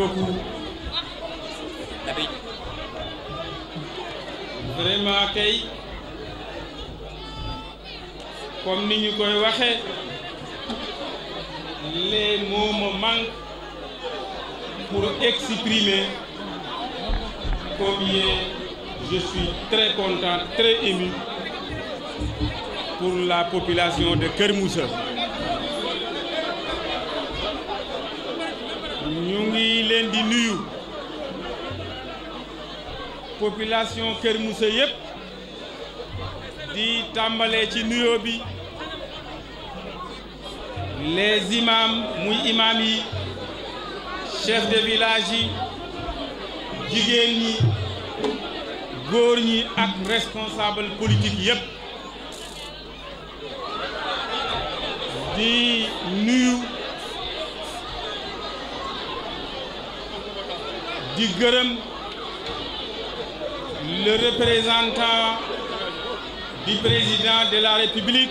beaucoup. vraiment comme ni ñu koy waxee les mots me manquent pour exprimer combien je suis très content très ému pour la population de Kër Moussa leen di nuyu population Kër Moussa di tàmbalee ci nuyoo bi les imams muy imam yi chef de village yi jigéen ñi góor ñi ak responsable politique yépp di nuyu di gërëm le représentant du président de la République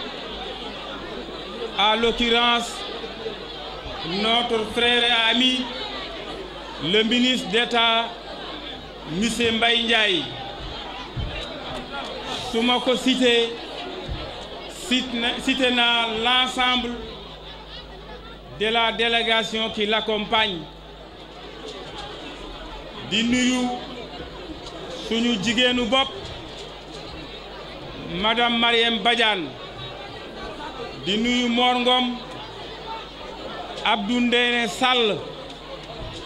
à l'occurrence notre frère et ami le ministre d'État monsieur Mbaye Ndiaye su ma ko cité cité na l'ensemble de la délégation qui compagne di nuyu suñu jigéenu bopp madame Marième bajaan di nuyu Mor Ngom Abdou Ndéné Sall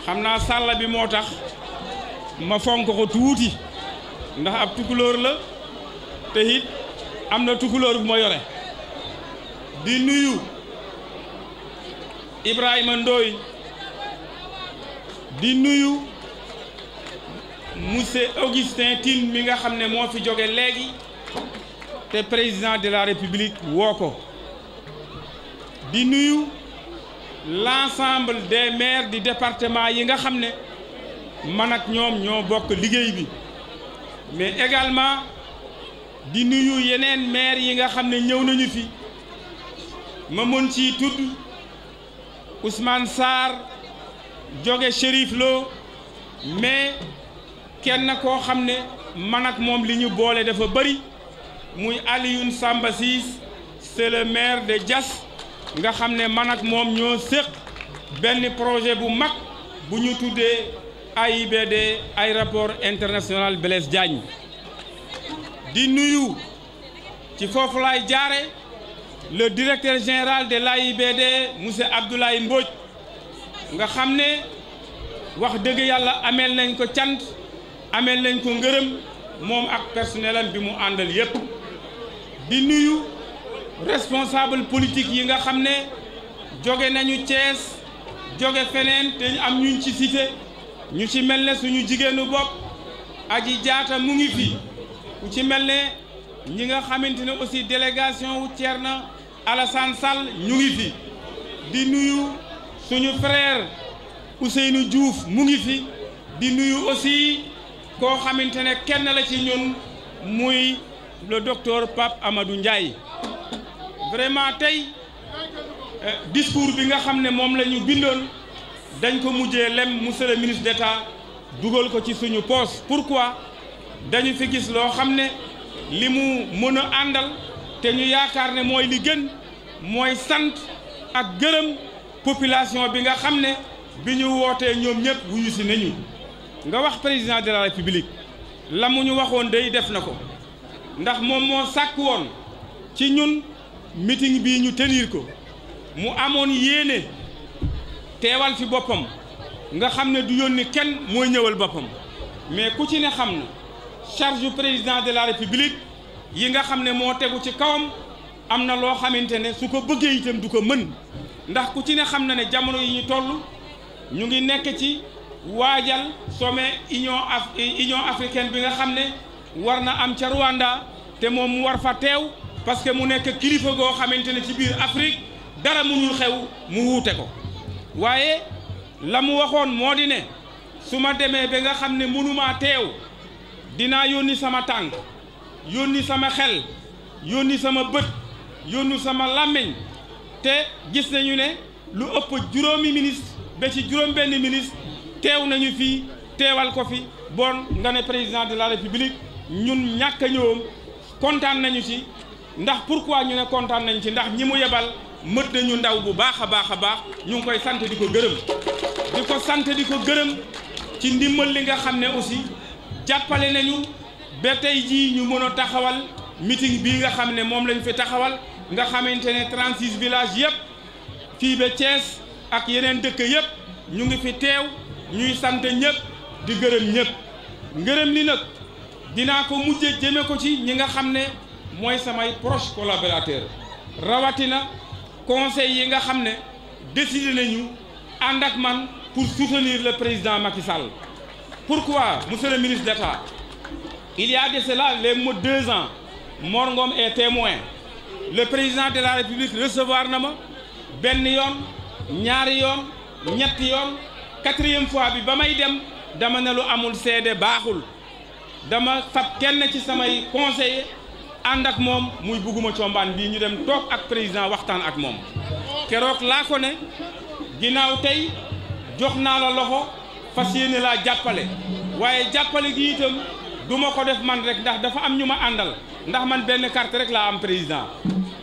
xam naa sàll bi moo tax ma fonk ko tuuti ndax ab tukulóor la te it am na tukulóor bu ma yore di nuyu Ibrahima Ndoy di nuyu monsieur Augustin Tine mi nga xam ne moo fi jóge léegi te président de la république woo ko di nuyu l'ensemble de maires di département yi nga xam ne man ñoom ñoo bokk liggéey bi mais également di nuyu yeneen maire yi nga xam ne ñëw nañu fi ma mën ciy tudd Ousmane Sarr jóge Chérif Lo mais kenn koo xam ne man ak moom li ñu boole dafa bëri muy Alioune sàmba Ciss c'est le maire de Diass nga xam ne man ak moom ñoo séq benn projet bu mag bu ñu tuddee AIBD aéroport international Blaise Diagne di nuyu ci foofu laay jaare le directeur général de l'AIBD monsieur Abdoulaye Mbodj nga xam ne wax dëgg yàlla ameel nañ ko cant amel nañ ko ngërëm moom ak personnel bi mu àndal yépp di nuyu responsable politique yi nga xam ne joge nañu Thiès joge feneen te am ñu ci cité ñu ci mel ne suñu jigéenu bopp aji jaata mu ngi fi ku ci mel ne ñi nga xamante ne aussi délégation wu na Alassane Sall ñu ngi fi di nuyu suñu frère Ousseynou Diouf mu ngi fi di nuyu aussi koo xamante ne kenn la ci ñun muy le docteur Pape Amadou Ndiaye vraiment tey euh, discours bi nga xam ne moom la ñu bindoon dañ ko mujjee lem monsieur le ministre d'État dugal ko ci suñu poste pourquoi dañu fi gis loo xam ne li mu mën a àndal te ñu yaakaar ne mooy li gën mooy sant ak gërëm population bi nga xam ne bi ñu wootee ñoom ñëpp wuyu si nañu nga wax président de la république la mu ñu waxoon day def na ko ndax moom moo sàkk woon ci ñun meeting bii ñu tenir ko mu amoon yéene teewal ci boppam nga xam ne du yónni kenn mooy ñëwal boppam mais ku ci ne xam na charge président de la république yi nga xam ne moo tegu ci kawam am na loo xamante ne su ko bëggee itam du ko mën ndax ku ci ne xam na ne jamono yi ñu toll ñu ngi nekk ci waajal sommet union af union bi nga xam ne war na am ca Rwanda te moom war fa teew parce que mu nekk kilifa goo xamante ne ci biir Afrique dara mënul xew mu wuute ko waaye la mu waxoon moo di ne su ma demee ba nga xam ne mënumaa teew dinaa yónni sama tànk yónni sama xel yónni sama bët yónni sama làmmiñ te gis nañu ne lu ëpp juróomi ministre ba ci juróom benn ministre teew nañu fii teewal ko fi bon nga ne président de la république ñun ñàkk a kontaan nañu ci ndax pourquoi ñu ne kontaan nañu ci ndax ñi mu yebal mët nañu ndaw bu baax a baax a baax ñu ngi koy sant di ko gërëm di ko sant di ko gërëm ci ndimbal li nga xam ne aussi jàppale nañu ba tey jii ñu mën a taxawal meeting bii nga xam ne moom lañu fi taxawal nga xamante ne 36 villages yëpp fii ba Thiès ak yeneen dëkk yëpp ñu ngi fi teew ñuy sant ñëpp di gërëm ñëpp ngërëm li nag dinaa ko mujje jëme ko ci ñi nga xam ne mooy samay proche collaborateur rawatina conseil yi nga xam ne décidé nañu ànd ak man pour soutenir le président Macky Sall pourquoi monsieur le ministre d'État il y a de cela les mots deux ans Mor Ngom est témoin le président de la République recevoir na ma benn yoon ñaari yoon ñetti yoon quatrième fois bi ba may dem dama ne lu amul seede baaxul dama fab kenn ci samay conseiller ànd ak moom muy bugguma combaan bii ñu dem toog ak président waxtaan ak moom keroog laa ko ne ginnaaw tey jox naa la loxo fas yéene laa jàppale waaye jàppale gi itam du ma ko def man rek ndax dafa am ñu ma àndal ndax man benn carte rek laa am président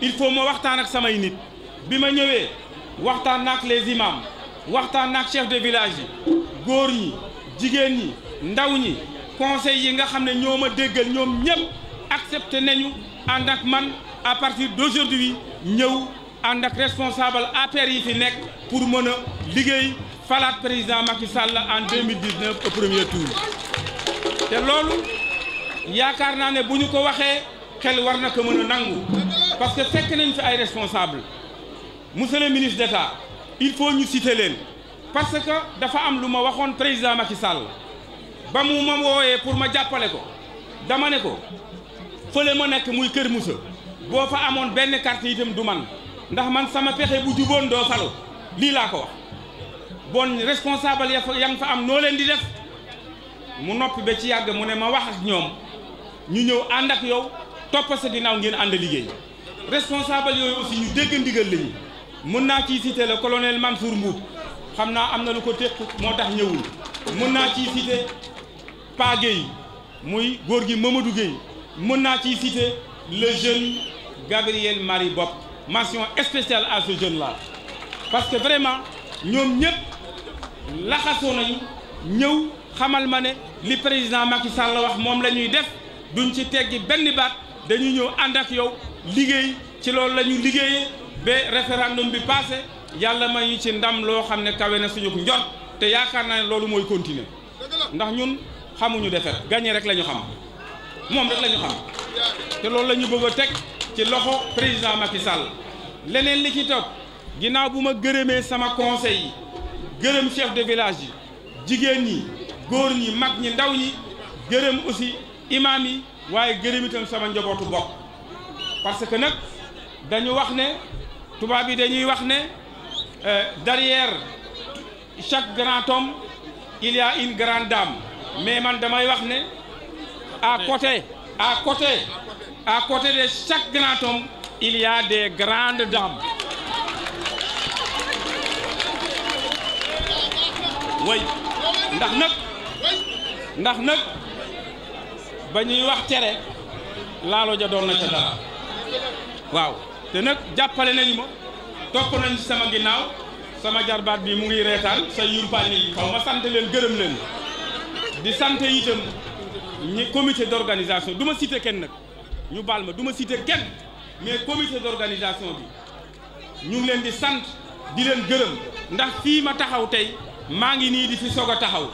il faut ma waxtaan ak samay nit bi ma ñëwee waxtaan naak les imams waxtaan ak chef de village góor ñi jigéen ñi ndaw ñi conseil yi nga xam ne ñoo ma déggal ñoom ñëpp accepté nañu ànd ak man à partir d'aujourd'hui ñëw ànd ak responsable APR yi fi nekk pour mën a liggéey falaat président Macky Sall en 2019 au premier tour te loolu yaakaar naa ne bu ñu ko waxee xel war na ko mën a nangu parce que fekk nañ fi ay responsable monsieur le ministre d'État il faut ñu citer leen parce que dafa am lu ma waxoon président ma ci Sall ba mu ma wooyee pour ma jàppale ko dama ne ko fële ma nekk muy Kër Moussa boo fa amoon benn carte itam du man ndax man sama pexe bu juboon doo falo lii laa ko wax bon responsable ya fa ya fa am noo leen di def mu noppi ba ci yàgg mu ne ma wax ñoom ñu ñëw ànd ak yow topp sa ginnaaw ngeen ànd liggéey responsable yooyu aussi ñu dégg ndigal lañu mun naa ci citer le colonel Mansour Mbout xam naa am na lu ko téq moo tax ñëwul mën naa ci citer Pa Gueye muy góor gi Mamadou Gueye mun naa ciy citer le jeune Gabriel Marie Bopp mention spéciale à ce jeune là parce que vraiment ñoom ñëpp laxasoo nañu ñëw xamal ma ne li président Macky Sall wax moom la def duñ ci teggi benn baat dañuy ñëw ànd yow liggéey ci loolu la ñu ba référendum bi passé yàlla may ñu ci ndam loo xam ne kawe na suñu njort te yaakaar naa loolu mooy continuer ndax ñun xamuñu defet gagné rek la ñu xam moom rek lañu ñu xam te loolu lañu bëgg a teg ci loxo président Macky Sall leneen li ci topp ginnaaw bu ma gërëmee sama conseil yi gërëm chef de village yi jigéen ñi góor ñi mag ñi ndaw ñi gërëm aussi imaam yi waaye gërëm sama njabootu bokk parce que nag dañu wax ne tubaab yi dañuy wax ne euh, derrière chaque grand homme il y a dame mais man damay wax ne à côté à côté à côté de chaque grand homme il y a des grandes dames way ndax nag ndax nag ba ñuy wax tere laalo ja doon na ca dara waaw te nag jàppale nañu ma topp nañ sama ginnaaw sama jarbaat bii mu ngi reetaan sa yumpaañ yi xaw ma sant leen gërëm leen di sant itam ñi comité d'organisation du ma cité kenn nag ñu baal ma du ma cité kenn mais comité d'organisation bi ñu ngi leen di sant di leen gërëm ndax fii ma taxaw tey maa ngi nii di fi soog a taxaw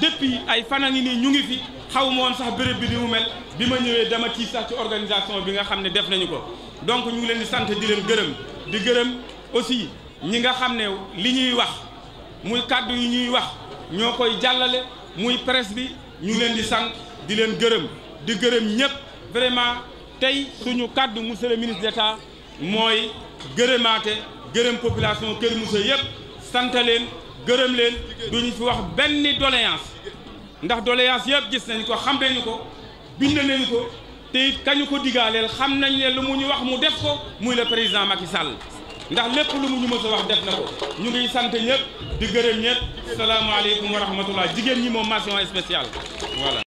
depuis ay fan nii ñu ngi fi xaw ma woon sax béréb bi ni mu bi ma ñëwee dama tiis sax ci organisation bi nga xam ne def nañu ko donc ñu ngi leen di sant di leen gërëm di gërëm aussi ñi nga xam ne li ñuy wax muy kàddu yi ñuy wax ñoo koy jàllale muy presse bi ñu leen di sant di leen gërëm di gërëm ñëpp vraiment tey suñu kàddu monsieur le ministre d'État mooy gërëmaate gërëm population Kër Moussa yëpp santa leen gërëm leen duñu fi wax benn doléance ndax doléance yëpp gis nañ ko xam nañu ko bind nañu ko te it kañu ko digaaleel xam nañ ne lu mu ñu wax mu def ko muy la président Macky Sall ndax lépp lu mu ñu mës a wax def na ko ñu ngi sant ñëpp di gërëm ñëpp salaamaaleykum wa rahmatullah jigéen ñi moom mention spéciale voilà